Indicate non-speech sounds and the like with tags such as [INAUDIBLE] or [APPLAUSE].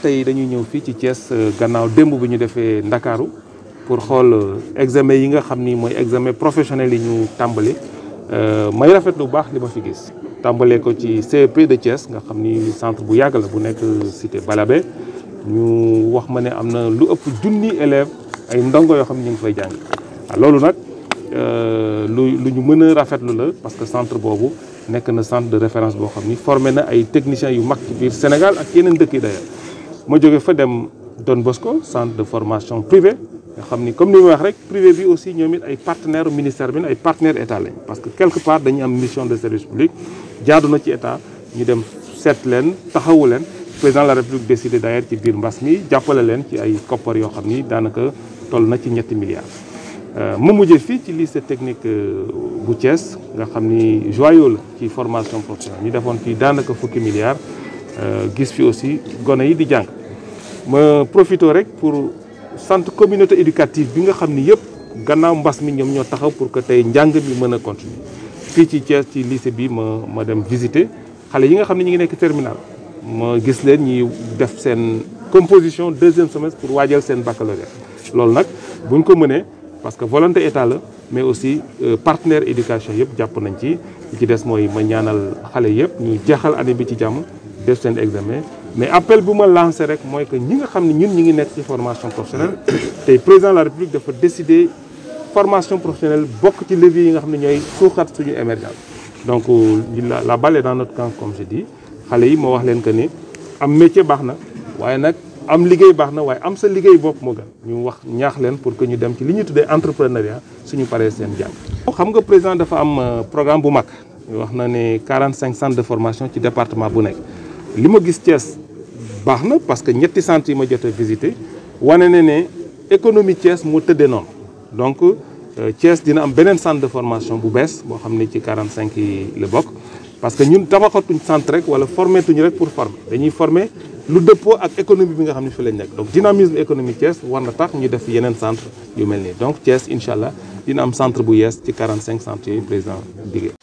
tey dañuy ñëw fii ci Thiès euh, gannaaw démb bi ñu defee Ndakaaru pour xool euh, examen yi nga xam ni mooy examen professionnel yi ñu tàmbali euh, may rafet lu baax li ma fi gis. tàmbalee ko ci CEP de Thiès nga xam ni centre bu yàgg la bu nekk cité balabe ñu wax ma ne am na lu ëpp junni élèves ay ndongo yoo xam ni ñu ngi fay jàng loolu nag. lu ñu mëna rafetlu la parce que centre bobu nek na centre de référence bo xamni formé na ay techniciens yu mak ci biir Sénégal ak yenen dëkk yi d'ailleurs ma jóge fa dem Don Bosco centre de formation privé nga comme ni ma wax rek privé bi aussi ñomit ay partenaire ministère bi ay partenaire état lañ parce que quelque part dañu am mission de service public jaadu na ci état ñu dem seet len taxawu len président de la république décidé d'ailleurs ci bir mbass mi jàppale leen ci ay koppar yo xamni danaka toll na ci ñetti milliards euh, ma mujje fi ci lycée technique euh, bu Thiès nga xamni ni joyau la ci formation professionnelle ni defoon fi danaka fukki milliards euh, gis fi aussi gone yi di jang ma profité rek pour centre communauté éducative bi nga xamni yépp yëpp gannaaw mbas mi ñom ñoo taxaw pour que tay jang bi mëna continuer fi ci Thiès ci lycée bi ma ma dem visiter xalé yi nga xamni ñi ñu ngi nekk terminal ma gis leen ñi def sen composition deuxième semestre pour waajal sen baccalauréat lool nak buñ ko mëné parce que volonté état la mais aussi euh, partenaire éducation yëpp japp nañ ci ci des moy ma ñaanal xalé yëpp ñu jeexal année bi ci jamm dess sen examen mais appel bu ma lancé rek moy que ñi nga xam ñun ñi ngi nekk ci formation professionnelle [COUGHS] tey président de la république dafa décider formation professionnelle bok ci levier yi nga xamni ñoy ñooy suñu émergence donc euh, la balle est dans notre camp comme je dis xalé yi mo wax leen que ni am métier baxna waye nak am liguey baxna way am sa liguey bop mo gën ñu wax ñaax leen pour que ñu dem ci li ñu tuddee entrepreneuriat suñu paree sen jàng. xam nga président dafa am euh, programme bu mag wax na ne 45 centres de formation ci département bu nekk li ma gis Thiès baxna parce que ñetti centres yi ma jotté visiter wané né économie Thiès mu tëddee non donc euh, Thiès dina am benen centre de formation bu bees bo xamné ci 45 yi la parce que ñun tabaxatuñ centre rek wala formé tuñu rek pour former dañuy former lu dëppoo ak économie bi nga xam fi lañ nekk donc dynamisme économique Thiès war na tax ñu def yeneen centre yu mel donc Thiès incha allah dina am centre bu yees ci 45 centres yooyu président